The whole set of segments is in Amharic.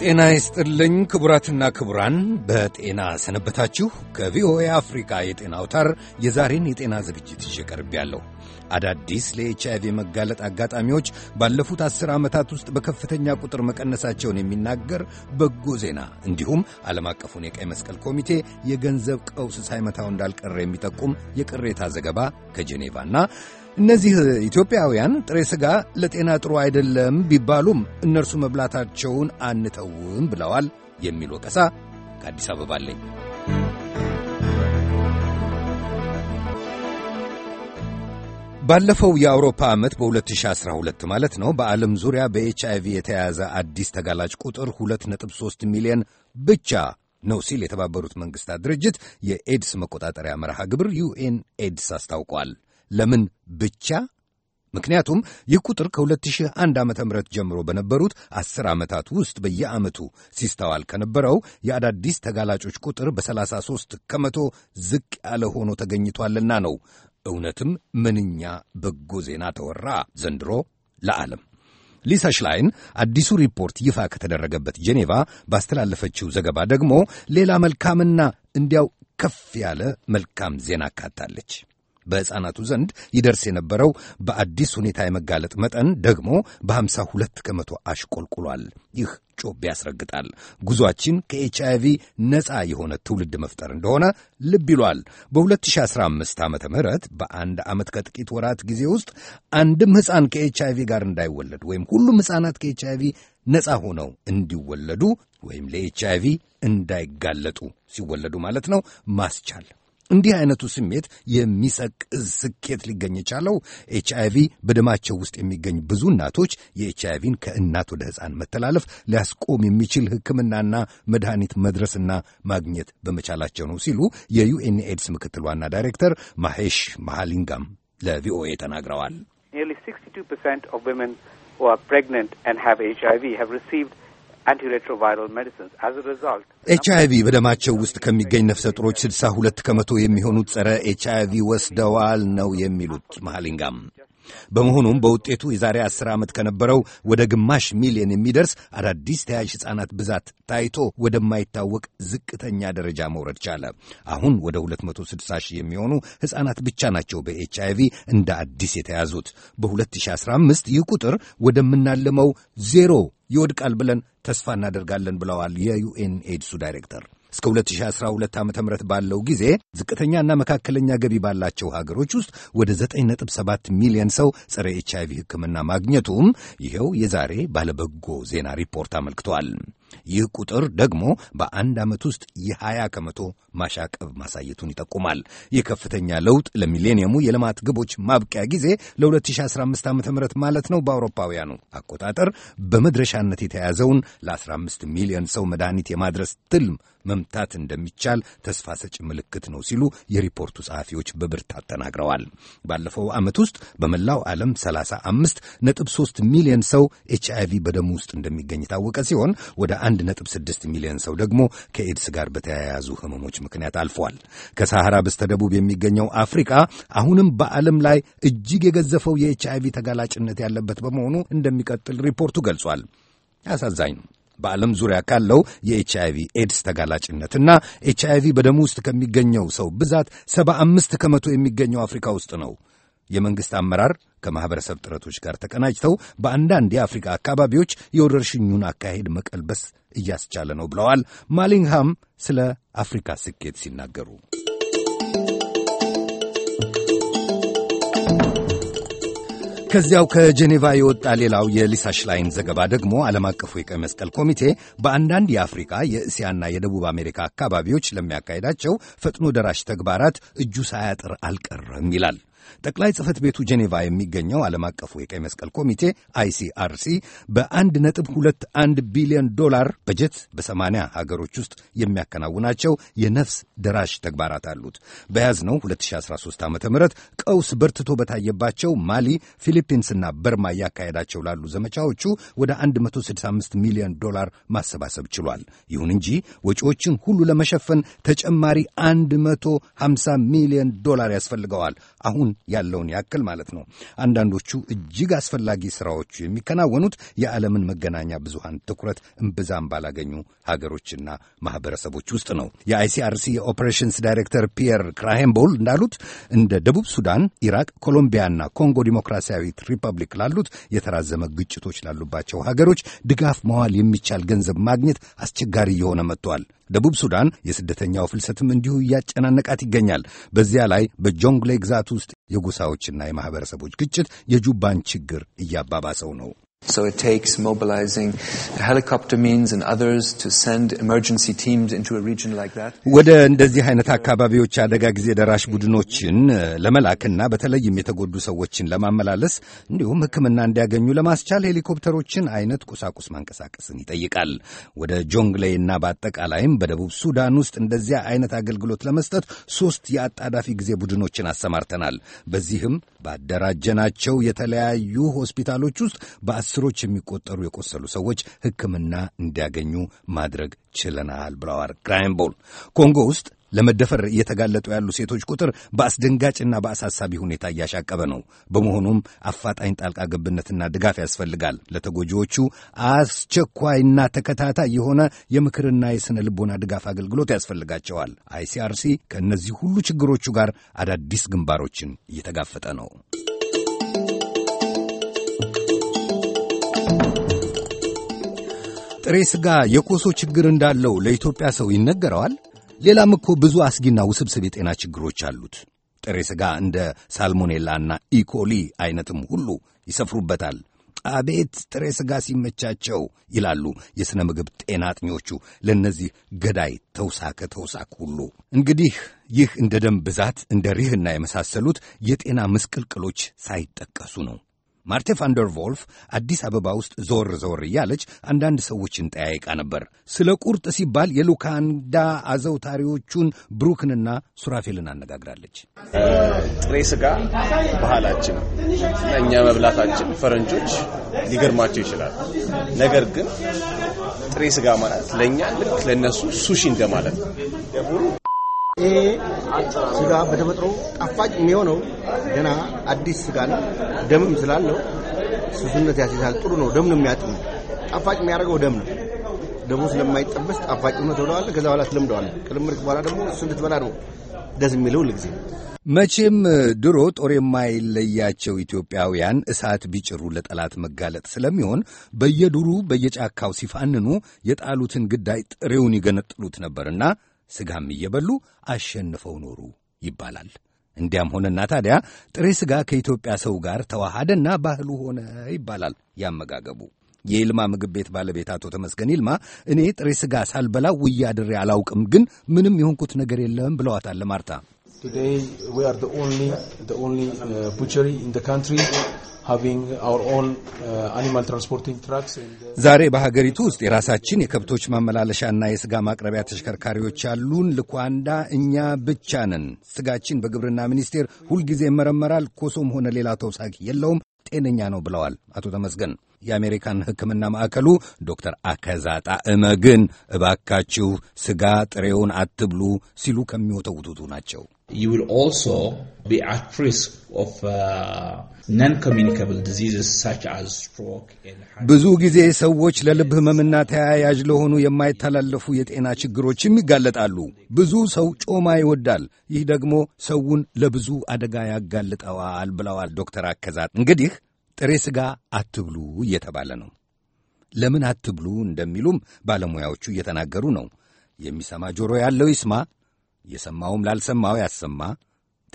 ጤና ይስጥልኝ ክቡራትና ክቡራን፣ በጤና ሰነበታችሁ። ከቪኦኤ አፍሪካ የጤና አውታር የዛሬን የጤና ዝግጅት ይዤ ቀርቤያለሁ። አዳዲስ ለኤች አይቪ መጋለጥ አጋጣሚዎች ባለፉት አስር ዓመታት ውስጥ በከፍተኛ ቁጥር መቀነሳቸውን የሚናገር በጎ ዜና እንዲሁም ዓለም አቀፉን የቀይ መስቀል ኮሚቴ የገንዘብ ቀውስ ሳይመታው እንዳልቀረ የሚጠቁም የቅሬታ ዘገባ ከጄኔቫና እነዚህ ኢትዮጵያውያን ጥሬ ሥጋ ለጤና ጥሩ አይደለም ቢባሉም እነርሱ መብላታቸውን አንተውም ብለዋል የሚል ወቀሳ ከአዲስ አበባ አለኝ። ባለፈው የአውሮፓ ዓመት በ2012 ማለት ነው በዓለም ዙሪያ በኤች አይቪ የተያዘ አዲስ ተጋላጭ ቁጥር 2.3 ሚሊዮን ብቻ ነው ሲል የተባበሩት መንግሥታት ድርጅት የኤድስ መቆጣጠሪያ መርሃ ግብር ዩኤን ኤድስ አስታውቋል። ለምን ብቻ? ምክንያቱም ይህ ቁጥር ከ2001 ዓ ም ጀምሮ በነበሩት ዐሥር ዓመታት ውስጥ በየዓመቱ ሲስተዋል ከነበረው የአዳዲስ ተጋላጮች ቁጥር በ33 ከመቶ ዝቅ ያለ ሆኖ ተገኝቷልና ነው። እውነትም ምንኛ በጎ ዜና ተወራ ዘንድሮ ለዓለም። ሊሳ ሽላይን አዲሱ ሪፖርት ይፋ ከተደረገበት ጄኔቫ ባስተላለፈችው ዘገባ ደግሞ ሌላ መልካምና እንዲያው ከፍ ያለ መልካም ዜና አካታለች። በሕፃናቱ ዘንድ ይደርስ የነበረው በአዲስ ሁኔታ የመጋለጥ መጠን ደግሞ በሃምሳ ሁለት ከመቶ አሽቆልቁሏል። ይህ ጮቤ ያስረግጣል። ጉዟችን ከኤች አይቪ ነፃ የሆነ ትውልድ መፍጠር እንደሆነ ልብ ይሏል። በ2015 ዓ ም በአንድ ዓመት ከጥቂት ወራት ጊዜ ውስጥ አንድም ሕፃን ከኤች አይቪ ጋር እንዳይወለድ ወይም ሁሉም ሕፃናት ከኤች አይቪ ነፃ ሆነው እንዲወለዱ ወይም ለኤች ቪ እንዳይጋለጡ ሲወለዱ ማለት ነው ማስቻል እንዲህ አይነቱ ስሜት የሚሰቅዝ ስኬት ሊገኝ የቻለው ኤች አይቪ በደማቸው ውስጥ የሚገኝ ብዙ እናቶች የኤች አይቪን ከእናት ወደ ሕፃን መተላለፍ ሊያስቆም የሚችል ሕክምናና መድኃኒት መድረስና ማግኘት በመቻላቸው ነው ሲሉ የዩኤን ኤድስ ምክትል ዋና ዳይሬክተር ማሄሽ ማሃሊንጋም ለቪኦኤ ተናግረዋል። ኤች አይቪ በደማቸው ውስጥ ከሚገኝ ነፍሰ ጡሮች ስድሳ ሁለት ከመቶ የሚሆኑት ጸረ ኤች አይቪ ወስደዋል ነው የሚሉት መሃሊንጋም በመሆኑም በውጤቱ የዛሬ አስር ዓመት ከነበረው ወደ ግማሽ ሚሊዮን የሚደርስ አዳዲስ ተያዥ ሕፃናት ብዛት ታይቶ ወደማይታወቅ ዝቅተኛ ደረጃ መውረድ ቻለ። አሁን ወደ 260 ሺህ የሚሆኑ ሕፃናት ብቻ ናቸው በኤች አይቪ እንደ አዲስ የተያዙት። በ2015 ይህ ቁጥር ወደምናልመው ዜሮ ይወድቃል ብለን ተስፋ እናደርጋለን ብለዋል የዩኤን ኤድሱ ዳይሬክተር። እስከ 2012 ዓ ም ባለው ጊዜ ዝቅተኛና መካከለኛ ገቢ ባላቸው ሀገሮች ውስጥ ወደ 9.7 ሚሊዮን ሰው ጸረ ኤች አይቪ ሕክምና ማግኘቱም ይኸው የዛሬ ባለበጎ ዜና ሪፖርት አመልክቷል። ይህ ቁጥር ደግሞ በአንድ ዓመት ውስጥ የሀያ ከመቶ ማሻቀብ ማሳየቱን ይጠቁማል። ይህ ከፍተኛ ለውጥ ለሚሌኒየሙ የልማት ግቦች ማብቂያ ጊዜ ለ2015 ዓ ም ማለት ነው በአውሮፓውያኑ አቆጣጠር በመድረሻነት የተያዘውን ለ15 ሚሊዮን ሰው መድኃኒት የማድረስ ትልም መምታት እንደሚቻል ተስፋ ሰጭ ምልክት ነው ሲሉ የሪፖርቱ ጸሐፊዎች በብርታት ተናግረዋል። ባለፈው ዓመት ውስጥ በመላው ዓለም 35 ነጥብ 3 ሚሊዮን ሰው ኤች ቪ በደሙ ውስጥ እንደሚገኝ የታወቀ ሲሆን ወደ 1.6 ሚሊዮን ሰው ደግሞ ከኤድስ ጋር በተያያዙ ህመሞች ምክንያት አልፏል። ከሳሐራ በስተደቡብ የሚገኘው አፍሪካ አሁንም በዓለም ላይ እጅግ የገዘፈው የኤች አይቪ ተጋላጭነት ያለበት በመሆኑ እንደሚቀጥል ሪፖርቱ ገልጿል። አሳዛኝ ነው። በዓለም ዙሪያ ካለው የኤች አይቪ ኤድስ ተጋላጭነትና ኤች አይቪ በደም ውስጥ ከሚገኘው ሰው ብዛት ሰባ አምስት ከመቶ የሚገኘው አፍሪካ ውስጥ ነው። የመንግሥት አመራር ከማኅበረሰብ ጥረቶች ጋር ተቀናጅተው በአንዳንድ የአፍሪካ አካባቢዎች የወረርሽኙን አካሄድ መቀልበስ እያስቻለ ነው ብለዋል። ማሊንግሃም ስለ አፍሪካ ስኬት ሲናገሩ ከዚያው ከጄኔቫ የወጣ ሌላው የሊሳ ሽላይን ዘገባ ደግሞ ዓለም አቀፉ የቀይ መስቀል ኮሚቴ በአንዳንድ የአፍሪካ የእስያና የደቡብ አሜሪካ አካባቢዎች ለሚያካሂዳቸው ፈጥኖ ደራሽ ተግባራት እጁ ሳያጥር አልቀረም ይላል። ጠቅላይ ጽህፈት ቤቱ ጄኔቫ የሚገኘው ዓለም አቀፉ የቀይ መስቀል ኮሚቴ አይሲአርሲ በ1.21 ቢሊዮን ዶላር በጀት በሰማንያ ሀገሮች ውስጥ የሚያከናውናቸው የነፍስ ደራሽ ተግባራት አሉት። በያዝነው 2013 ዓ ም ቀውስ በርትቶ በታየባቸው ማሊ፣ ፊሊፒንስና በርማ እያካሄዳቸው ላሉ ዘመቻዎቹ ወደ 165 ሚሊዮን ዶላር ማሰባሰብ ችሏል። ይሁን እንጂ ወጪዎችን ሁሉ ለመሸፈን ተጨማሪ 150 ሚሊዮን ዶላር ያስፈልገዋል አሁን ያለውን ያክል ማለት ነው። አንዳንዶቹ እጅግ አስፈላጊ ስራዎቹ የሚከናወኑት የዓለምን መገናኛ ብዙሃን ትኩረት እምብዛም ባላገኙ ሀገሮችና ማህበረሰቦች ውስጥ ነው። የአይሲአርሲ የኦፕሬሽንስ ዳይሬክተር ፒየር ክራሄምቦል እንዳሉት እንደ ደቡብ ሱዳን፣ ኢራቅ፣ ኮሎምቢያና ኮንጎ ዲሞክራሲያዊት ሪፐብሊክ ላሉት የተራዘመ ግጭቶች ላሉባቸው ሀገሮች ድጋፍ መዋል የሚቻል ገንዘብ ማግኘት አስቸጋሪ እየሆነ መጥቷል። ደቡብ ሱዳን የስደተኛው ፍልሰትም እንዲሁ እያጨናነቃት ይገኛል። በዚያ ላይ በጆንግሌ ግዛት ውስጥ የጎሳዎችና የማኅበረሰቦች ግጭት የጁባን ችግር እያባባሰው ነው። So it takes mobilizing helicopter means and others to send emergency teams into a region like that. ወደ እንደዚህ አይነት አካባቢዎች አደጋ ጊዜ ደራሽ ቡድኖችን ለመላክና በተለይም የተጎዱ ሰዎችን ለማመላለስ እንዲሁም ሕክምና እንዲያገኙ ለማስቻል ሄሊኮፕተሮችን አይነት ቁሳቁስ ማንቀሳቀስን ይጠይቃል። ወደ ጆንግሌና በአጠቃላይም በደቡብ ሱዳን ውስጥ እንደዚያ አይነት አገልግሎት ለመስጠት ሶስት የአጣዳፊ ጊዜ ቡድኖችን አሰማርተናል። በዚህም ባደራጀናቸው የተለያዩ ሆስፒታሎች ውስጥ በአስሮች የሚቆጠሩ የቆሰሉ ሰዎች ሕክምና እንዲያገኙ ማድረግ ችለናል ብለዋል ክራይምቦል። ኮንጎ ውስጥ ለመደፈር እየተጋለጡ ያሉ ሴቶች ቁጥር በአስደንጋጭና በአሳሳቢ ሁኔታ እያሻቀበ ነው። በመሆኑም አፋጣኝ ጣልቃ ገብነትና ድጋፍ ያስፈልጋል። ለተጎጂዎቹ አስቸኳይና ተከታታይ የሆነ የምክርና የሥነ ልቦና ድጋፍ አገልግሎት ያስፈልጋቸዋል። አይሲአርሲ ከእነዚህ ሁሉ ችግሮቹ ጋር አዳዲስ ግንባሮችን እየተጋፈጠ ነው። ጥሬ ሥጋ የኮሶ ችግር እንዳለው ለኢትዮጵያ ሰው ይነገረዋል። ሌላም እኮ ብዙ አስጊና ውስብስብ የጤና ችግሮች አሉት። ጥሬ ሥጋ እንደ ሳልሞኔላና ኢኮሊ አይነትም ሁሉ ይሰፍሩበታል። አቤት ጥሬ ሥጋ ሲመቻቸው ይላሉ የሥነ ምግብ ጤና አጥኚዎቹ ለእነዚህ ገዳይ ተውሳከ ተውሳክ ሁሉ። እንግዲህ ይህ እንደ ደም ብዛት እንደ ሪህና የመሳሰሉት የጤና ምስቅልቅሎች ሳይጠቀሱ ነው ማርቴ ቫንደር ቮልፍ አዲስ አበባ ውስጥ ዞር ዞር እያለች አንዳንድ ሰዎችን ጠያይቃ ነበር። ስለ ቁርጥ ሲባል የሉካንዳ አዘውታሪዎቹን ብሩክንና ሱራፌልን አነጋግራለች። ጥሬ ስጋ ባህላችን፣ እኛ መብላታችን ፈረንጆች ሊገርማቸው ይችላል። ነገር ግን ጥሬ ስጋ ማለት ለእኛ ልክ ለእነሱ ሱሺ እንደማለት ነው። ይሄ ስጋ በተፈጥሮ ጣፋጭ የሚሆነው ገና አዲስ ስጋ ነው። ደምም ስላለው ስሱነት ያስይዛል። ጥሩ ነው። ደም ነው የሚያጥም። ጣፋጭ የሚያደርገው ደም ነው። ደሞ ስለማይጠበስ ጣፋጭ ሆኖ ተብለዋለ። ከዛ በኋላ ትለምደዋለህ። ከለመድክ በኋላ ደግሞ እሱ እንድትበላ ነው ደስ የሚለው ሁልጊዜ። መቼም ድሮ ጦር የማይለያቸው ኢትዮጵያውያን እሳት ቢጭሩ ለጠላት መጋለጥ ስለሚሆን በየዱሩ በየጫካው ሲፋንኑ የጣሉትን ግዳይ ጥሬውን ይገነጥሉት ነበርና ስጋም እየበሉ አሸንፈው ኖሩ ይባላል። እንዲያም ሆነና ታዲያ ጥሬ ስጋ ከኢትዮጵያ ሰው ጋር ተዋሃደና ባህሉ ሆነ ይባላል ያመጋገቡ። የይልማ ምግብ ቤት ባለቤት አቶ ተመስገን ይልማ እኔ ጥሬ ስጋ ሳልበላ ውያድሬ አላውቅም፣ ግን ምንም የሆንኩት ነገር የለም ብለዋታል ለማርታ Today we are the only the only uh, butchery in the country having our own uh, animal transporting trucks. Uh, ዛሬ በሀገሪቱ ውስጥ የራሳችን የከብቶች ማመላለሻና የስጋ ማቅረቢያ ተሽከርካሪዎች ያሉን ልኳንዳ እኛ ብቻ ነን። ስጋችን በግብርና ሚኒስቴር ሁልጊዜ ይመረመራል። ኮሶም ሆነ ሌላ ተውሳኪ የለውም። ጤነኛ ነው ብለዋል አቶ ተመስገን። የአሜሪካን ሕክምና ማዕከሉ ዶክተር አከዛጣ እመግን እባካችሁ ስጋ ጥሬውን አትብሉ ሲሉ ከሚወተውቱቱ ናቸው። you will also be at risk of uh, non-communicable diseases such as stroke and ብዙ ጊዜ ሰዎች ለልብ ህመምና ተያያዥ ለሆኑ የማይተላለፉ የጤና ችግሮችም ይጋለጣሉ። ብዙ ሰው ጮማ ይወዳል። ይህ ደግሞ ሰውን ለብዙ አደጋ ያጋልጠዋል ብለዋል ዶክተር አከዛት። እንግዲህ ጥሬ ሥጋ አትብሉ እየተባለ ነው። ለምን አትብሉ እንደሚሉም ባለሙያዎቹ እየተናገሩ ነው። የሚሰማ ጆሮ ያለው ይስማ። የሰማውም ላልሰማው ያሰማ።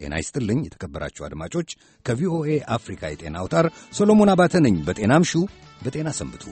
ጤና ይስጥልኝ የተከበራችሁ አድማጮች፣ ከቪኦኤ አፍሪካ የጤና አውታር ሶሎሞን አባተ ነኝ። በጤናም ሹ በጤና ሰንብቱ።